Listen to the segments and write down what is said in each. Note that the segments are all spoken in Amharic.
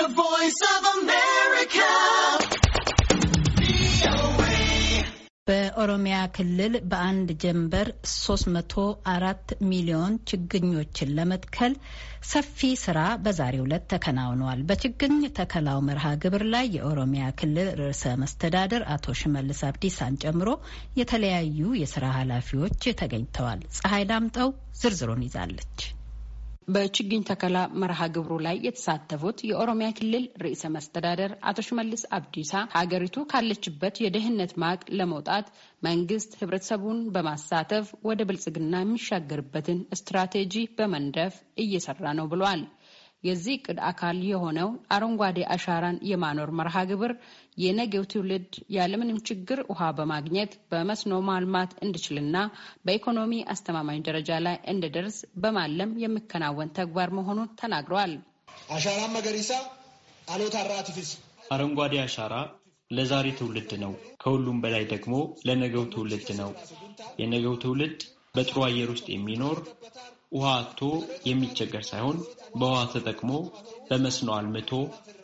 The Voice of America. በኦሮሚያ ክልል በአንድ ጀንበር 304 ሚሊዮን ችግኞችን ለመትከል ሰፊ ስራ በዛሬው ዕለት ተከናውኗል። በችግኝ ተከላው መርሃ ግብር ላይ የኦሮሚያ ክልል ርዕሰ መስተዳደር አቶ ሽመልስ አብዲሳን ጨምሮ የተለያዩ የስራ ኃላፊዎች ተገኝተዋል። ፀሐይ ዳምጠው ዝርዝሩን ይዛለች። በችግኝ ተከላ መርሃ ግብሩ ላይ የተሳተፉት የኦሮሚያ ክልል ርዕሰ መስተዳደር አቶ ሽመልስ አብዲሳ ሀገሪቱ ካለችበት የድህነት ማቅ ለመውጣት መንግስት ህብረተሰቡን በማሳተፍ ወደ ብልጽግና የሚሻገርበትን ስትራቴጂ በመንደፍ እየሰራ ነው ብሏል። የዚህ እቅድ አካል የሆነው አረንጓዴ አሻራን የማኖር መርሃ ግብር የነገው ትውልድ ያለምንም ችግር ውሃ በማግኘት በመስኖ ማልማት እንዲችልና በኢኮኖሚ አስተማማኝ ደረጃ ላይ እንዲደርስ በማለም የሚከናወን ተግባር መሆኑን ተናግረዋል። አሻራ መገሪሳ አሎታራ ቲፊስ አረንጓዴ አሻራ ለዛሬ ትውልድ ነው። ከሁሉም በላይ ደግሞ ለነገው ትውልድ ነው። የነገው ትውልድ በጥሩ አየር ውስጥ የሚኖር ውሃ አጥቶ የሚቸገር ሳይሆን በውሃ ተጠቅሞ በመስኖ አልምቶ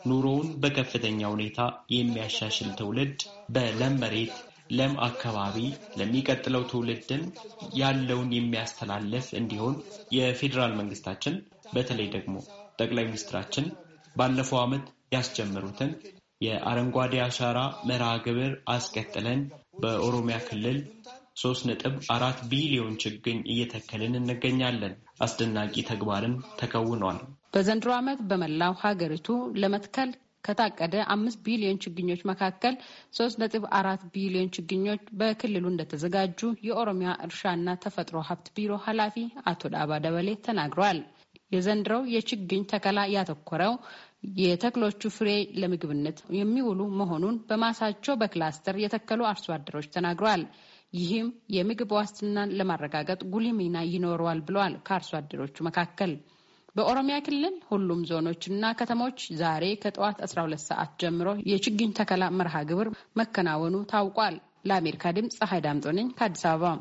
ኑሮውን በከፍተኛ ሁኔታ የሚያሻሽል ትውልድ በለም መሬት፣ ለም አካባቢ ለሚቀጥለው ትውልድም ያለውን የሚያስተላልፍ እንዲሆን የፌዴራል መንግስታችን በተለይ ደግሞ ጠቅላይ ሚኒስትራችን ባለፈው ዓመት ያስጀመሩትን የአረንጓዴ አሻራ መርሃ ግብር አስቀጥለን በኦሮሚያ ክልል ሶስት ነጥብ አራት ቢሊዮን ችግኝ እየተከልን እንገኛለን። አስደናቂ ተግባርም ተከውኗል። በዘንድሮ ዓመት በመላው ሀገሪቱ ለመትከል ከታቀደ አምስት ቢሊዮን ችግኞች መካከል ሶስት ነጥብ አራት ቢሊዮን ችግኞች በክልሉ እንደተዘጋጁ የኦሮሚያ እርሻና ተፈጥሮ ሀብት ቢሮ ኃላፊ አቶ ዳባ ደበሌ ተናግረዋል። የዘንድሮው የችግኝ ተከላ ያተኮረው የተክሎቹ ፍሬ ለምግብነት የሚውሉ መሆኑን በማሳቸው በክላስተር የተከሉ አርሶ አደሮች ተናግረዋል። ይህም የምግብ ዋስትናን ለማረጋገጥ ጉልህ ሚና ይኖረዋል ብለዋል ከአርሶ አደሮቹ መካከል። በኦሮሚያ ክልል ሁሉም ዞኖች ና ከተሞች ዛሬ ከጠዋት 12 ሰዓት ጀምሮ የችግኝ ተከላ መርሃ ግብር መከናወኑ ታውቋል። ለአሜሪካ ድምፅ ፀሐይ ዳምጦ ነኝ ከአዲስ አበባ።